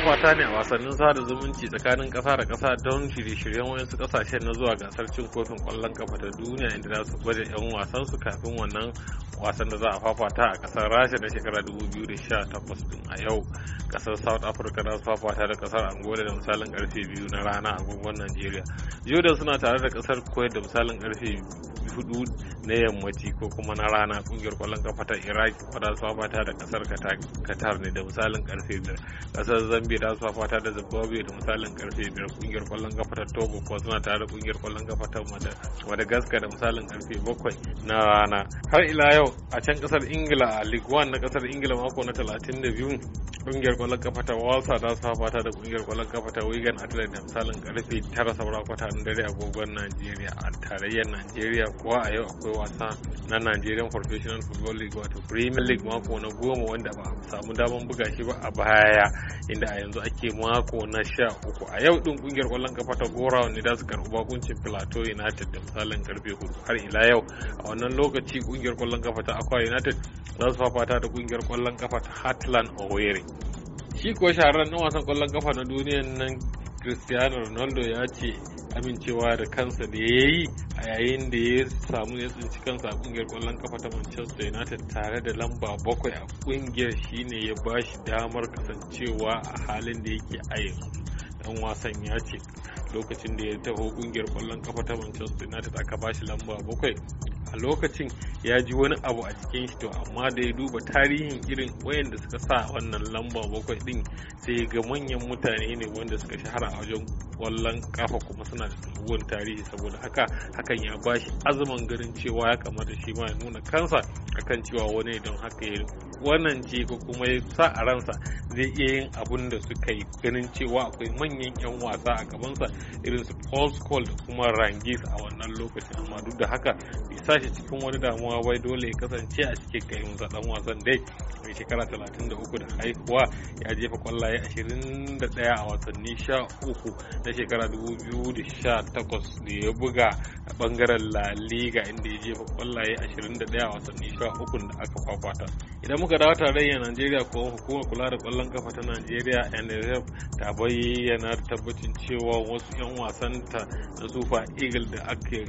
fafata ne a wasannin sada zumunci tsakanin kasa da kasa don shirye-shiryen wayansu ƙasashen na zuwa gasar cin kofin kwallon kafa ta duniya inda za su gwada 'yan su kafin wannan wasan da za a fafata a kasar rasha na shekara 2018 din a yau kasar south africa na fafata da kasar angola da misalin karfe biyu na rana a gungun nigeria jordan suna tare da kasar kuwait da misalin karfe hudu na yammaci ko kuma na rana kungiyar kwallon kafa ta ko da su fafata da kasar qatar ne da misalin karfe biyar kasar zambia da su fafata da zimbabwe da misalin karfe biyar kungiyar kwallon kafa ta togo ko suna tare da kungiyar kwallon kafa ta madagascar da misalin karfe bakwai na rana har ila yau yau a can kasar ingila a league na kasar ingila mako na 32 kungiyar kwallon kafa ta walsa ta fafata da kungiyar kwallon kafa ta wigan athletic da misalin karfe 9 saura kwata na dare agogon najeriya a tarayyar najeriya kuwa a yau akwai wasa na nigerian professional football league wato premier league mako na goma wanda ba samu damar buga shi ba a baya inda a yanzu ake mako na sha uku a yau din kungiyar kwallon kafa ta gora ne da su karɓi bakuncin plateau united da misalin karfe 4 har ila yau a wannan lokaci kungiyar kwallon kafa kafa ta United za su fafata da kungiyar kwallon kafa ta Heartland Owerri. Shi kuwa shahararren ɗan wasan kwallon kafa na duniyan nan Cristiano Ronaldo ya ce amincewa da kansa da ya yi a yayin da ya samu ya tsinci kansa a kungiyar kwallon kafa ta Manchester United tare da lamba bakwai a kungiyar ne ya ba shi damar kasancewa a halin da yake a yanzu. Dan wasan ya ce lokacin da ya taho kungiyar kwallon kafa ta Manchester United aka ba shi lamba bakwai lokacin ya ji wani abu a jikin shi to amma da ya duba tarihin irin wayanda suka sa wannan lamba bakwai din sai ga manyan mutane ne wanda suka shahara a wajen kwallon kafa kuma suna da dogon tarihi saboda haka hakan ya bashi azumin garin cewa ya kamata shi ma ya nuna kansa akan cewa wani don haka ya wannan ce ko kuma ya sa a ransa zai iya yin abun da suka yi ganin cewa akwai manyan 'yan wasa a gabansa irin su paul da kuma rangis a wannan lokacin amma duk da haka tashi cikin wani damuwa bai dole ya kasance a cikin gayin zaɗan wasan dai mai shekara 33 da haihuwa ya jefa kwallaye 21 a wasanni 13 na shekara 2018 da ya buga a bangaren La Liga inda ya jefa kwallaye 21 a wasanni 13 da aka kwakwata. Idan muka dawo tarayyar Najeriya ko hukumar kula da kwallon kafa ta Najeriya NRF ta bayyana tabbacin cewa wasu 'yan wasanta na Super Eagle da ake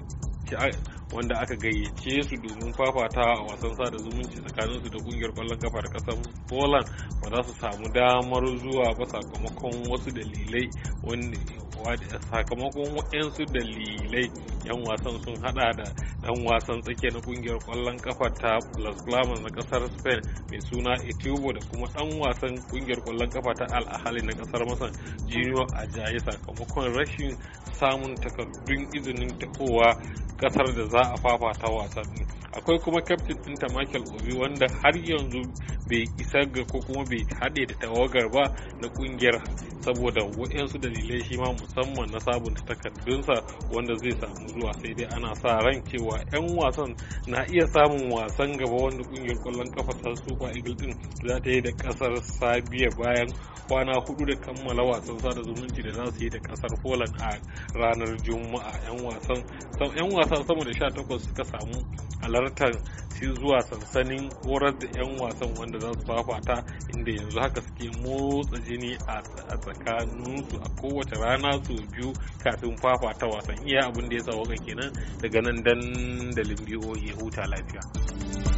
wanda aka gayyace su domin fafata a wasan sada zumunci tsakanin su da kungiyar kwallon kafa da kasar poland ba za su samu damar zuwa ba sakamakon wasu dalilai wanda sakamakon waɗansu dalilai yan wasan sun hada da dan wasan tsakiya na kungiyar kwallon kafa ta Las Palmas na kasar Spain mai suna Etubo da kuma dan wasan kungiyar kwallon kafa ta Al Ahly na kasar Masar Junior Ajayi sakamakon rashin samun takardun izinin tahowa kasar da za a fafata wasannin akwai kuma din ta Michael Obi wanda har yanzu bai isa ga ko kuma bai hade da tawagar ba na kungiyar saboda waɗansu dalilai shi ma musamman na sabunta takardunsa wanda zai samu zuwa sai dai ana sa ran cewa cewa 'yan wasan na iya samun wasan gaba wanda kungiyar kwallon kafa ta super eagle din za ta yi da kasar sabiya bayan kwana hudu da kammala wasan sada zumunci da za su yi da kasar poland a ranar juma'a 'yan wasan sama da 18 suka samu halartar su zuwa sansanin horar da 'yan wasan wanda za su fafata inda yanzu haka suke motsa jini a tsakaninsu a kowace rana su biyu kafin fafata wasan iya abinda ya sa waka kenan daga nan dandalin biyo ya huta lafiya.